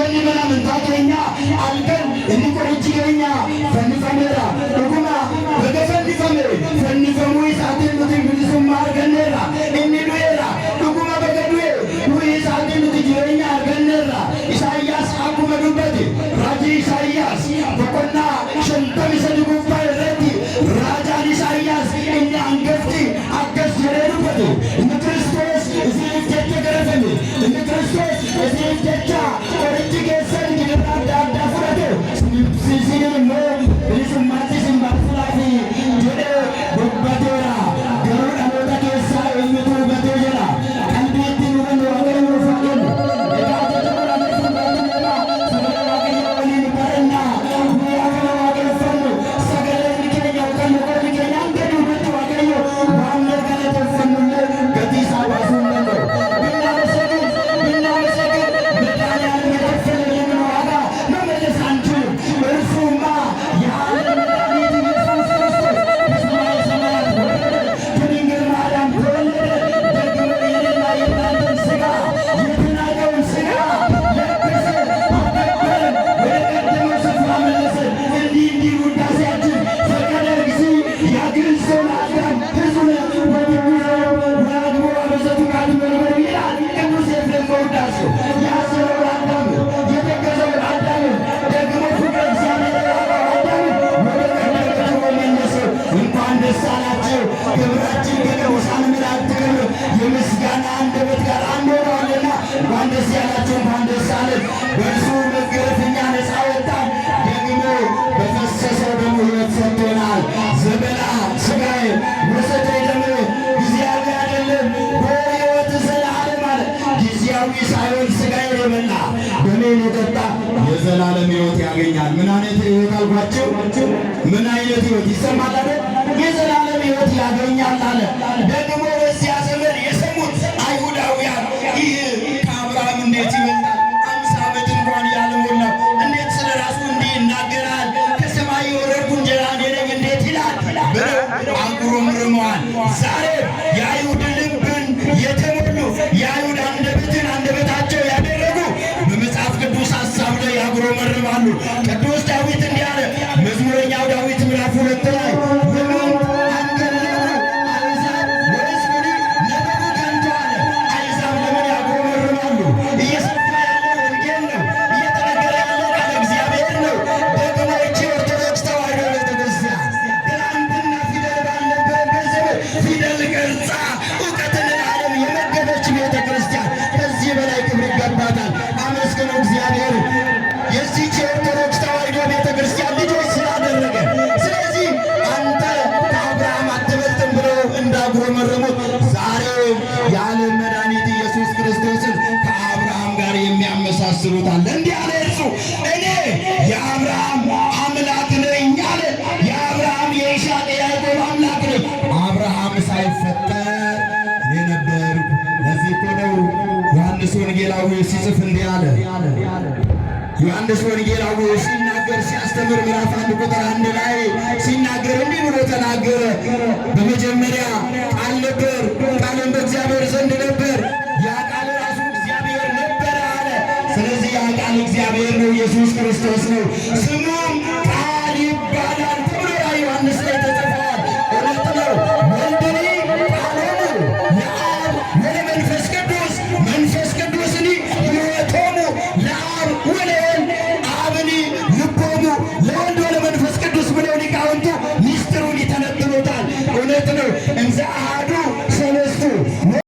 ገሊመና ምንታተኛ አልከን እንዲቆርጭ ገኛ ፈንፈመራ እጉማ በገፈንፈመ ፈንፈሙ ይሳቴ ምትን ግልሱማ ገነራ በእርሱ መገረፍ እኛ ነፃ ወጣን። ደግሞ ሥጋዊ ሳይሆን ሥጋዬን የበላ ደሜን የጠጣ የዘላለም ህይወት ያገኛል። ምን አይነት አልኳቸው? ምን አይነት ሕይወት ይሰማል? የዘላለም ህይወት ያገኛል አለ። ደግሞ በዚያ ዘመን የሰሙት አይሁዳውያን ይህ ከአብርሃም እንዴት ይበልጣል? አምሳ ዓመት እንኳን ያልሞላው እንዴት ስለ ራሱ እንዲህ ይናገራል? ከሰማይ የወረድኩ እንጀራ እኔ ነኝ እንዴት ይላል? ብለው አጉረምርመዋል። ዛሬ ያጉረመረሙት ዛሬም የዓለም መድኃኒት ኢየሱስ ክርስቶስን ከአብርሃም ጋር የሚያመሳስሉት አለ። እንዲህ አለ እርሱ እኔ የአብርሃም አምላክ ነኝ አለ። የአብርሃም የይስሐቅ የያዕቆብ አምላክ ነኝ። አብርሃም ሳይፈጠር እኔ ነበርኩ። ለዚህ ነው ዮሐንስ ወንጌላዊ ሲጽፍ እንዲህ አለ ዮሐንስ ወንጌል ሲናገር ሲያስተምር ምዕራፍ አንድ ቁጥር አንድ ላይ ሲናገር እንዲህ ብሎ ተናገረ። በመጀመሪያ ቃል ነበር፣ ቃልም በእግዚአብሔር ዘንድ ነበር፣ ያ ቃል ራሱ እግዚአብሔር ነበረ አለ። ስለዚህ ያ ቃል እግዚአብሔር ነው፣ ኢየሱስ ክርስቶስ ነው። ስሙም